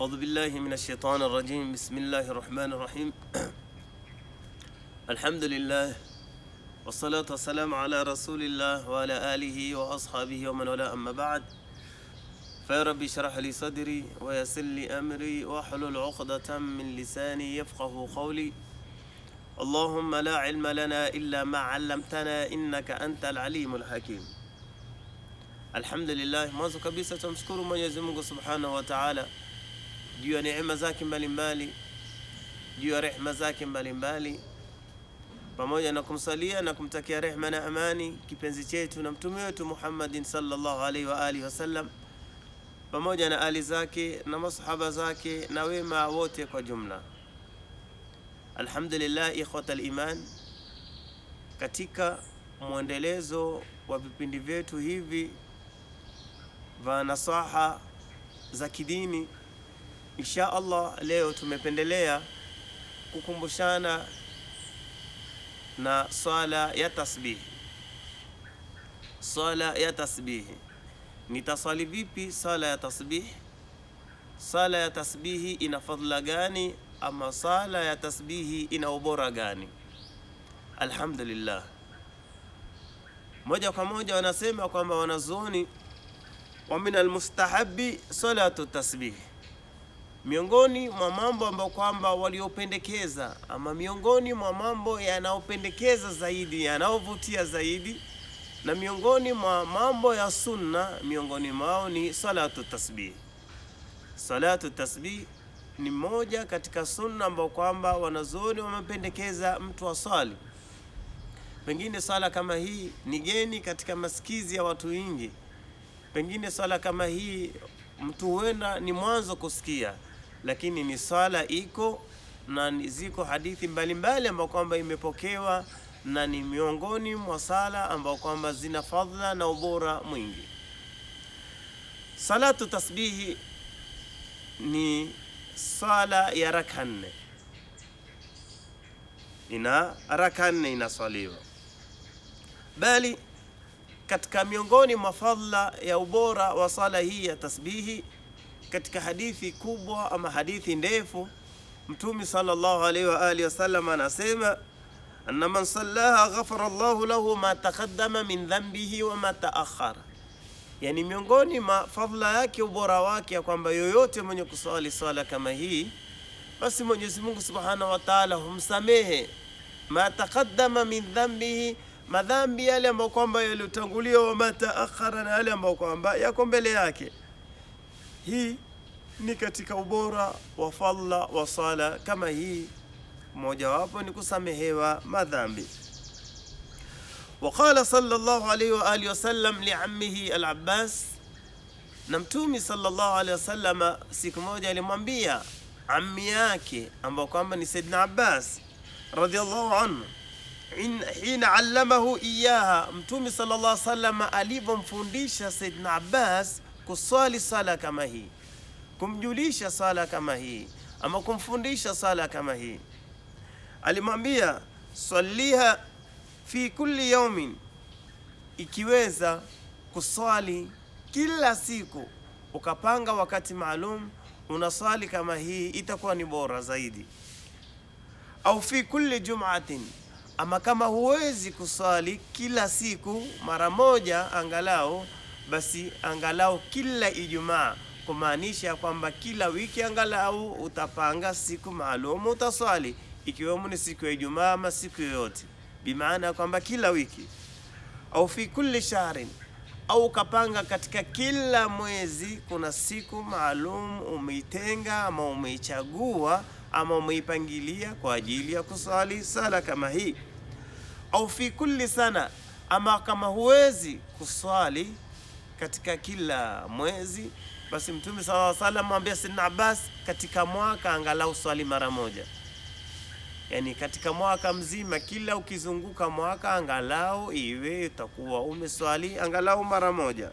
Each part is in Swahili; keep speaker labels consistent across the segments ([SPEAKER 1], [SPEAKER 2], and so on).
[SPEAKER 1] أعوذ بالله من الشيطان الرجيم بسم الله الرحمن الرحيم الحمد لله والصلاة والسلام على رسول الله وعلى آله وأصحابه ومن ولا أما بعد فيا رب اشرح لي صدري ويسر لي أمري واحلل عقدة من لساني يفقه قولي اللهم لا علم لنا إلا ما علمتنا إنك أنت العليم الحكيم الحمد لله ما kabisa tumshukuru من يزمك سبحانه وتعالى juu ya neema zake mbalimbali, juu ya rehma zake mbalimbali, pamoja na kumsalia na kumtakia rehma na amani kipenzi chetu na mtume wetu Muhammadin sallallahu alaihi wa alihi wasallam, pamoja na ali zake na masahaba zake na wema wote kwa jumla. Alhamdulillah, ikhwata aliman, katika mwendelezo wa vipindi vyetu hivi vya nasaha za kidini Insha Allah leo tumependelea kukumbushana na swala ya tasbihi. Swala ya tasbihi, nitaswali vipi swala ya tasbihi? Swala ya tasbihi ina fadhila gani? Ama swala ya tasbihi ina ubora gani? Alhamdulillah, moja kwa moja wanasema kwamba wanazuoni wa min almustahabi salatu tasbihi miongoni mwa mambo ambayo kwamba waliopendekeza ama miongoni mwa mambo yanayopendekeza zaidi yanayovutia zaidi na miongoni mwa mambo ya sunna miongoni mwao ni salatu tasbih. Salatu tasbih ni moja katika sunna ambayo kwamba wanazuoni wamependekeza mtu aswali. Pengine swala kama hii ni geni katika masikizi ya watu wengi. Pengine swala kama hii mtu huenda ni mwanzo kusikia lakini ni swala iko na ziko hadithi mbalimbali ambayo kwamba imepokewa na ni miongoni mwa sala ambao kwamba zina fadhila na ubora mwingi. Salatu tasbihi ni sala ya raka nne, ina raka nne inaswaliwa, bali katika miongoni mwa fadhila ya ubora wa sala hii ya tasbihi katika hadithi kubwa ama hadithi ndefu Mtume sallallahu alaihi wa alihi wasallam anasema anna man sallaha ghafara Allahu lahu ma taqaddama min dhanbihi wa ma taakhara, yani miongoni ma fadhila yake ubora wake ya kwamba yoyote mwenye kuswali swala kama hii basi Mwenyezi Mungu subhanahu wa taala humsamehe ma taqaddama min dhanbihi, madhambi yale ambayo kwamba yaliyotangulia, wa ma na yale ambayo kwamba yako mbele yake. Hii ni katika ubora wa fadhila wa sala kama hii, mojawapo ni kusamehewa madhambi. Waqala sallallahu alayhi wa alihi wasallam liammihi al-Abbas, na Mtumi sallallahu alayhi wasallam siku moja alimwambia ammi yake ambayo kwamba ni Saidna Abbas radhiyallahu anhu hina allamahu iyaha, Mtumi sallallahu alayhi wasallam alivyomfundisha Saidna Abbas kuswali sala kama hii, kumjulisha sala kama hii, ama kumfundisha sala kama hii. Alimwambia swaliha fi kulli yaumin, ikiweza kuswali kila siku, ukapanga wakati maalum unaswali kama hii, itakuwa ni bora zaidi. Au fi kulli jum'atin ama kama huwezi kuswali kila siku, mara moja angalau basi angalau kila Ijumaa, kumaanisha kwamba kila wiki angalau utapanga siku maalum utaswali, ikiwemo ni siku ya Ijumaa ama siku yoyote, bimaana ya kwamba kila wiki au fi kulli shahrin au ukapanga katika kila mwezi, kuna siku maalum umeitenga ama umeichagua ama umeipangilia kwa ajili ya kuswali sala kama hii, au fi kulli sana, ama kama huwezi kuswali katika kila mwezi. Basi Mtume sallallahu alaihi wasallam amwambia Sidna Abbas, katika mwaka angalau swali mara moja, yani katika mwaka mzima, kila ukizunguka mwaka angalau iwe utakuwa umeswali angalau mara moja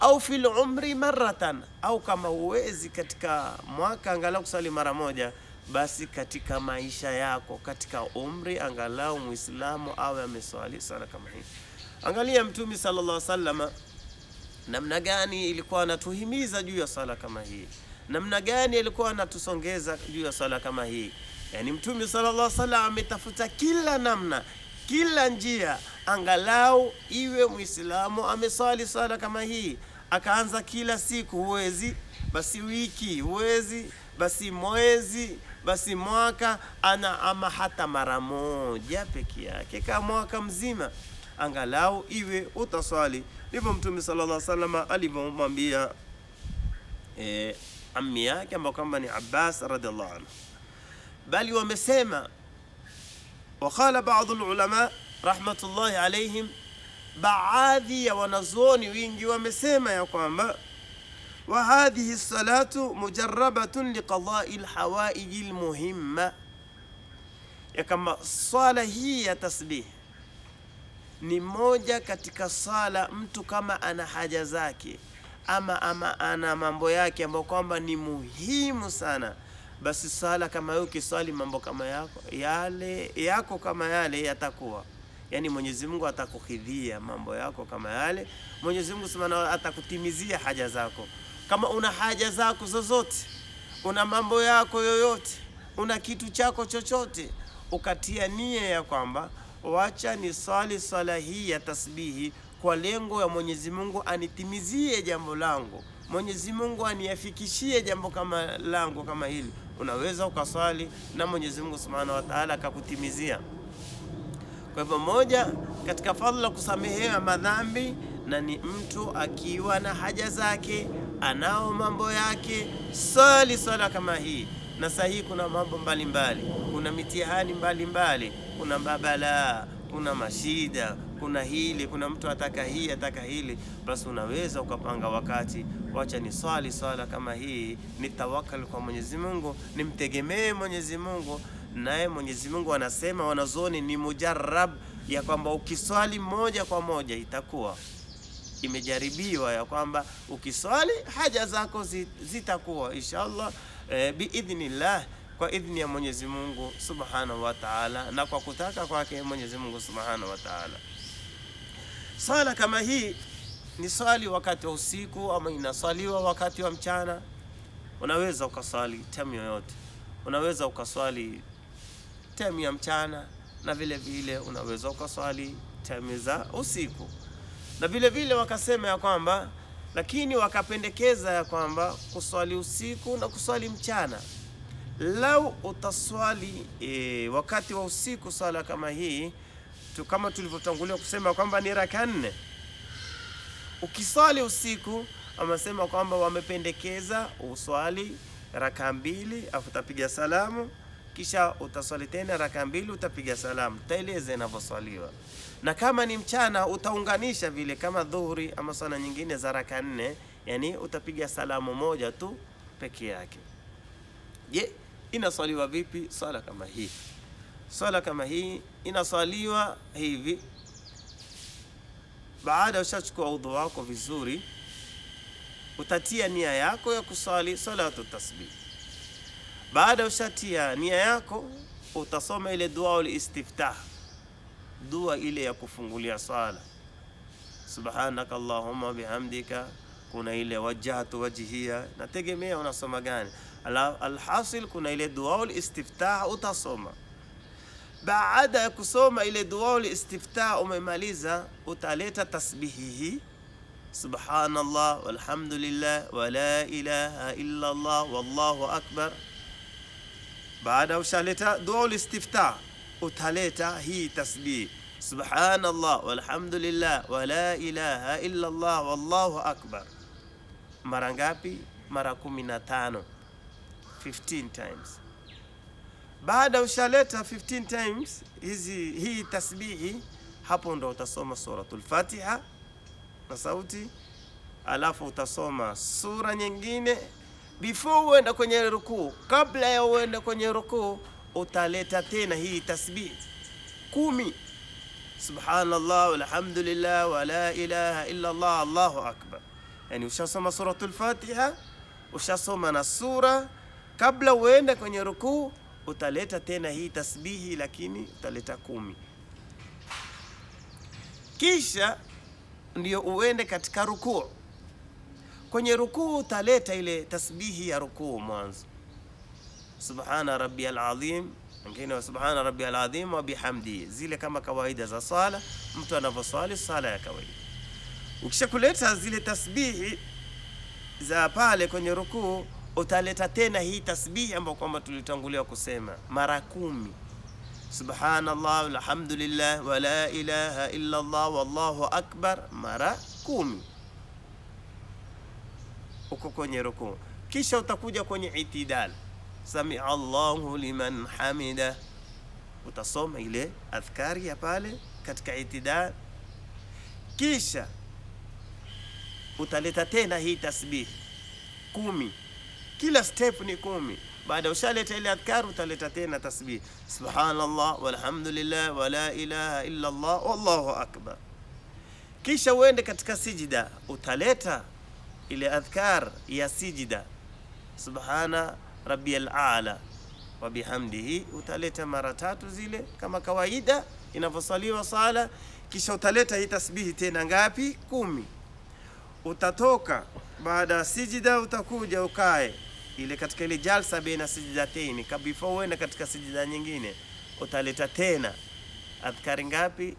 [SPEAKER 1] au fil umri maratan, au kama uwezi katika mwaka angalau kusali mara moja, basi katika maisha yako, katika umri angalau muislamu awe ameswali sala kama hii. Angalia Mtume sallallahu alaihi wasallam namna gani ilikuwa anatuhimiza juu ya sala kama hii, namna gani alikuwa anatusongeza juu ya sala kama hii. Yani Mtume sallallahu alaihi wasallam ametafuta kila namna, kila njia, angalau iwe Muislamu amesali sala kama hii. Akaanza kila siku, huwezi basi wiki, huwezi basi mwezi, basi mwaka, ana ama hata mara moja peke yake, kama mwaka mzima, angalau iwe utaswali ndivyo Mtume sallallahu alaihi wasallam alivyomwambia e, ammi yake ambayo kwamba ni Abbas radhiallahu anhu. Bali wamesema waqala baadhi ulama rahmatullahi alaihim, baadhi ya wanazuoni wingi wamesema ya kwamba wa hadhihi salatu mujarrabatun liqadai lhawaiji lmuhimma, ya kama swala hii ya tasbih ni moja katika sala, mtu kama ana haja zake ama, ama ana mambo yake ambayo kwamba ni muhimu sana, basi sala kama hiyo ukiswali, mambo kama yako yale yako kama yale yatakuwa yani, Mwenyezi Mungu atakukidhia mambo yako kama yale. Mwenyezi Mungu sema atakutimizia haja zako. Kama una haja zako zozote, una mambo yako yoyote, una kitu chako chochote, ukatia nia ya kwamba wacha ni swali swala hii ya tasbihi kwa lengo ya Mwenyezi Mungu anitimizie jambo langu, Mwenyezi Mungu aniafikishie jambo kama langu kama hili. Unaweza ukaswali na Mwenyezi Mungu Subhanahu wa Ta'ala akakutimizia. Kwa hivyo, moja katika fadhila kusamehewa madhambi, na ni mtu akiwa na haja zake, anao mambo yake, swali swala kama hii na saa hii kuna mambo mbalimbali mbali. Kuna mitihani mbalimbali mbali. Kuna mabalaa, kuna mashida, kuna hili, kuna mtu ataka hii ataka hili, basi unaweza ukapanga wakati, wacha ni swali swala kama hii, ni tawakal kwa Mwenyezi Mungu, nimtegemee Mwenyezi Mungu naye Mwenyezi Mungu anasema, wanazoni ni mujarrab, ya kwamba ukiswali moja kwa moja itakuwa imejaribiwa, ya kwamba ukiswali haja zako zitakuwa inshallah Eh, biidhnillah, kwa idhni ya Mwenyezi Mungu Subhanahu wa Ta'ala, na kwa kutaka kwake Mwenyezi Mungu Subhanahu wa Ta'ala. Sala kama hii ni swali wakati wa usiku ama inaswaliwa wakati wa mchana. Unaweza ukaswali time yoyote, unaweza ukaswali time ya mchana na vile vile unaweza ukaswali time za usiku, na vile vile wakasema ya kwamba lakini wakapendekeza ya kwamba kuswali usiku na kuswali mchana. Lau utaswali e, wakati wa usiku swala kama hii tu, kama tulivyotangulia kusema kwamba ni raka nne, ukiswali usiku amesema kwamba wamependekeza uswali raka mbili, afu utapiga salamu kisha utaswali tena raka mbili, utapiga salamu, taeleza inavyoswaliwa. Na kama ni mchana utaunganisha vile kama dhuhuri ama swala nyingine za raka nne, yani utapiga salamu moja tu peke yake. Je, inaswaliwa vipi swala kama hii? Swala kama hii inaswaliwa hivi: baada ushachukua udhu wako vizuri, utatia nia yako ya kuswali salatu tasbih baada ushatia nia yako, utasoma ile dua istiftah, dua ile ya kufungulia sala, subhanaka allahumma bihamdika. Kuna ile wajhatu wajhiya, nategemea unasoma gani. Alhasil, kuna ile dua istiftah utasoma. Baada ya kusoma ile dua istiftah umemaliza, utaleta tasbihi hii subhanallah walhamdulillah wala ilaha illa Allah wallahu akbar baada ushaleta dua ulistiftah, utaleta hii tasbih subhanallah walhamdulillah wala ilaha illa Allah wallahu akbar. Mara ngapi? Mara kumi na tano, 15 times. Baada ushaleta 15 times hizi hii tasbihi, hapo ndo utasoma suratul Fatiha na sauti, alafu utasoma sura nyingine before uenda kwenye rukuu, kabla ya uenda kwenye rukuu, utaleta tena hii tasbih kumi: subhanallah walhamdulillah wa la ilaha illa Allah allahu akbar. Yani ushasoma suratul Fatiha, ushasoma na sura, kabla uenda kwenye rukuu utaleta tena hii tasbihi, lakini utaleta kumi, kisha ndio uende katika rukuu. Kwenye rukuu utaleta ile tasbihi ya rukuu mwanzo, subhana rabbiyal azim, ingine wa subhana rabbiyal azim wa bihamdi, zile kama kawaida za sala, mtu anavyoswali sala ya kawaida. Ukishakuleta zile tasbihi za pale kwenye rukuu, utaleta tena hii tasbihi ambayo kwamba tulitangulia kusema mara kumi subhanallah walhamdulillah wala ilaha illa Allah wallahu akbar mara kumi huko kwenye rukuu, kisha utakuja kwenye itidal, samia Allahu liman hamida, utasoma ile adhkari ya pale katika itidal, kisha utaleta tena hii tasbihi kumi. Kila step ni kumi. Baada ushaleta ile adhkari utaleta tena tasbih subhanallah walhamdulillah wala ilaha illa Allah wallahu akbar. Kisha uende katika sijida utaleta ile adhkar ya sijida, subhana rabbiyal aala wa bihamdihi, utaleta mara tatu zile kama kawaida inavyosaliwa sala, kisha utaleta hii tasbihi tena ngapi? Kumi. Utatoka baada ya sijida, utakuja ukae ile katika ile jalsa baina sijidateni, before uenda katika sijida nyingine, utaleta tena adhkari ngapi?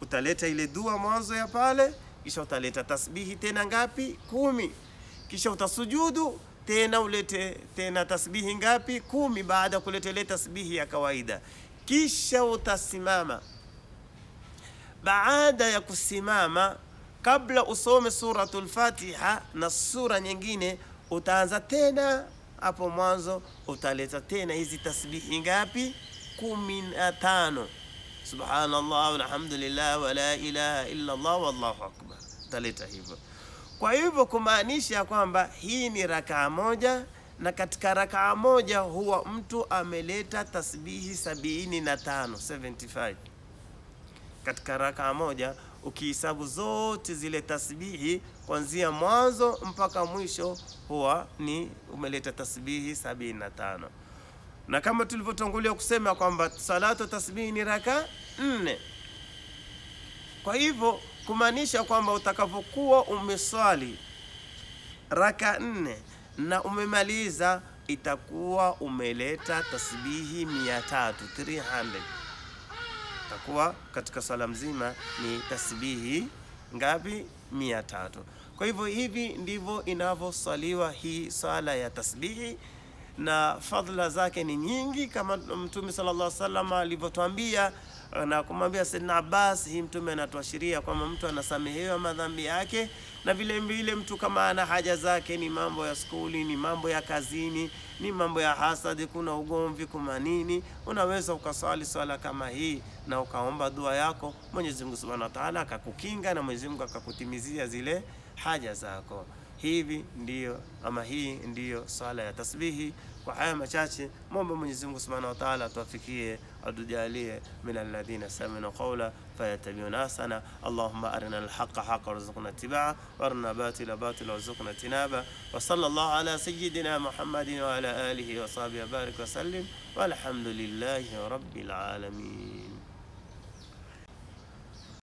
[SPEAKER 1] Utaleta ile dua mwanzo ya pale kisha utaleta tasbihi tena ngapi? Kumi. Kisha utasujudu tena ulete tena tasbihi ngapi? Kumi, baada ya kuleta ile tasbihi ya kawaida. Kisha utasimama. Baada ya kusimama, kabla usome suratul Fatiha na sura nyingine, utaanza tena hapo mwanzo, utaleta tena hizi tasbihi ngapi? Kumi na tano subhanallah walhamdulillah wala ilaha illa Allah wallahu akbar, taleta hivyo. Kwa hivyo kumaanisha kwamba hii ni rakaa moja, na katika rakaa moja huwa mtu ameleta tasbihi sabini na tano 75 katika rakaa moja ukihesabu zote zile tasbihi kuanzia mwanzo mpaka mwisho huwa ni umeleta tasbihi sabini na tano na kama tulivyotangulia kusema kwamba salatu tasbihi ni raka nne. Kwa hivyo kumaanisha kwamba utakapokuwa umeswali raka nne na umemaliza itakuwa umeleta tasbihi mia tatu 300 itakuwa katika swala mzima ni tasbihi ngapi? mia tatu. Kwa hivyo hivi ndivyo inavyoswaliwa hii swala ya tasbihi na fadhila zake ni nyingi, kama Mtume sallallahu alaihi wasallam alivyotwambia na kumwambia Saidna Abbas. Hii Mtume anatuashiria kwamba mtu anasamehewa madhambi yake, na vile vile mtu kama ana haja zake, ni mambo ya skuli, ni mambo ya kazini, ni mambo ya hasadi, kuna ugomvi, kuna nini, unaweza ukaswali swala kama hii na ukaomba dua yako, Mwenyezi Mungu Subhanahu wa Ta'ala akakukinga na Mwenyezi Mungu akakutimizia zile haja zako. Hivi ndiyo ama hii ndiyo swala ya tasbihi. Kwa haya machache, momba Mwenyezi Mungu Subhanahu wa Ta'ala atuafikie, atujalie min alladhina sami'u qawla fayatabi'una ahsana. Allahumma arina alhaqa haqqan warzuqna ittiba'a wa batila batila warzuqna tinaba wa sallallahu ala sayyidina Muhammadin wa ala alihi wa sahbihi wa barik wa sallim walhamdulillahi rabbil alamin.